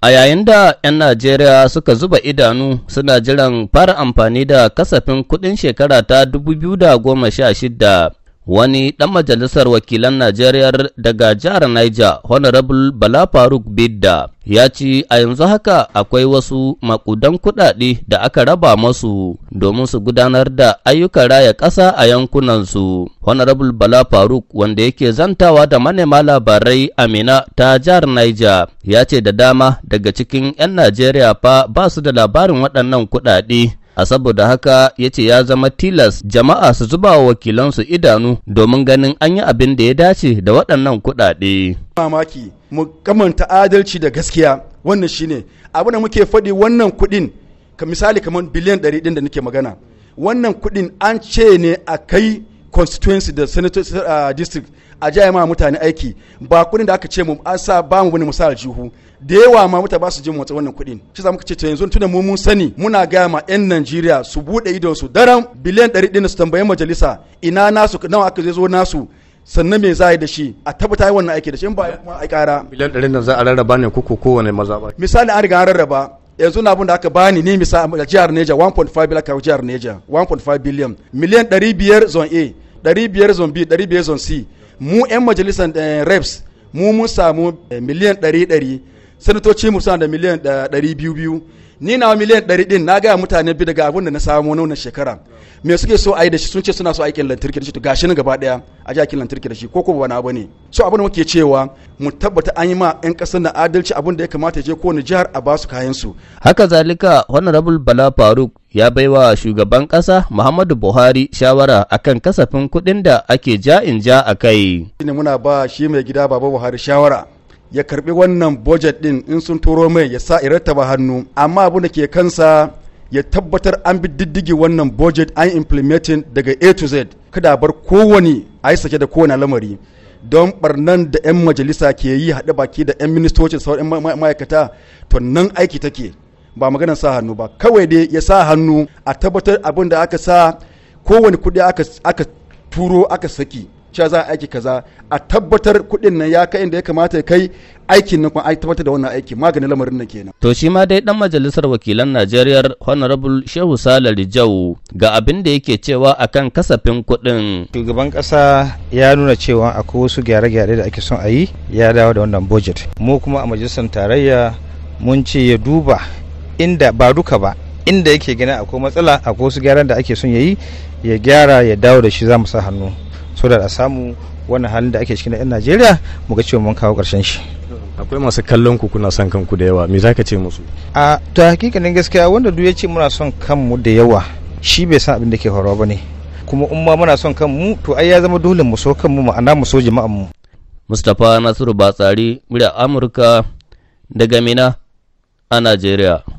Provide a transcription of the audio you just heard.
A yayin da 'yan Najeriya suka zuba idanu suna jiran fara amfani da kasafin kuɗin shekara ta 2016 Wani ɗan majalisar wakilan Najeriya daga jihar Niger, Honorable Bala Faruk Bidda, ya ce a yanzu haka akwai wasu makudan kuɗaɗe da aka raba masu domin su gudanar da ayyukan raya ƙasa a yankunansu. Honorable Bala Faruk wanda yake zantawa da manema labarai Amina ta jihar Niger ya ce da dama daga cikin 'yan Najeriya fa ba su da labarin waɗannan kuɗaɗe a saboda haka ya ce ya zama tilas jama'a su zuba wa wakilansu idanu domin ganin an yi abin da ya dace da waɗannan kuɗaɗe. mamaki mu kamanta adalci da gaskiya wannan shine abin da muke faɗi wannan kuɗin misali kamar biliyan ɗari ɗin da nake magana wannan kuɗin an ce ne a kai constituency da senator uh, district a jaya ma mutane aiki ba kudin da aka ce mu an sa ba mu bane mu sa aljihu da yawa ma mutane ba su mu wata wannan kudin shi za muka ce yanzu da mu mun sani muna ga ma yan Najeriya su bude idon su daram biliyan 100 din su tambayi majalisa ina nasu nawa aka zo nasu sannan me za a yi da shi a tabbata yi wannan aiki da shi in ba a kara biliyan 100 nan za a rarraba ne ko kowane maza ba misali an riga an rarraba yanzu na abin da aka bani ni misa a jihar Neja 1.5 bilaka a jihar Neja 1.5 billion miliyan 500 zone A 500 zone B 500 zone C mu 'yan majalisar eh, reps mu mun samu eh, miliyan 100 sanatoci mu suna da miliyan 200 eh, ni na miliyan ɗari ɗin na gaya mutane bi daga abin da na samu na shekara me suke so a yi da shi sun ce suna so aikin lantarki da shi to gashi ni gaba ɗaya a ji aikin lantarki da shi ko ko ba na ne so abin da muke cewa mu tabbata an yi ma 'yan ƙasar na adalci abin da ya kamata ya je kowane jihar a basu kayan su. haka zalika honorable bala faruk ya baiwa shugaban ƙasa muhammadu buhari shawara akan kasafin kuɗin da ake ja in ja a kai. muna ba shi mai gida baba buhari shawara ya karbi wannan budget din in sun turo mai ya sa rattaba hannu amma abu da ke kansa ya tabbatar an bi diddigi wannan budget an implementing daga A to Z kada bar kowane a yi sake da kowane lamari don barnan da 'yan majalisa ke yi haɗe baki da 'yan ministoci sauran ma'aikata to nan aiki take ba maganar sa hannu ba kawai dai ya sa hannu a tabbatar abin da aka sa kowane kuɗi aka turo aka saki cewa za a aiki kaza a tabbatar kuɗin nan ya kai inda ya kamata ya kai aikin nan kuma a tabbatar da wannan aiki maganin lamarin nan kenan. To shi ma dai dan majalisar wakilan Najeriya Honorable Shehu Sale Rijau ga abin da yake cewa akan kasafin kuɗin. Shugaban kasa ya nuna cewa akwai wasu gyare-gyare da ake son a yi ya dawo da wannan budget. Mu kuma a majalisar tarayya mun ce ya duba inda ba duka ba inda yake gina akwai matsala akwai wasu gyaran da ake son ya yi ya gyara ya dawo da shi za mu sa hannu. so da a samu wannan halin da ake cikin yan najeriya mu ga cewa mun kawo karshen shi akwai masu kallon ku kuna son kanku da yawa me zaka ce musu a to hakikanin gaskiya wanda duk ya ce muna son kanmu da yawa shi bai san abin da ke horo bane kuma in ma muna son kanmu to ai ya zama dole mu so kanmu ma'ana mu so jama'an mu Mustapha Nasiru Batsari murya Amurka daga Mina a Najeriya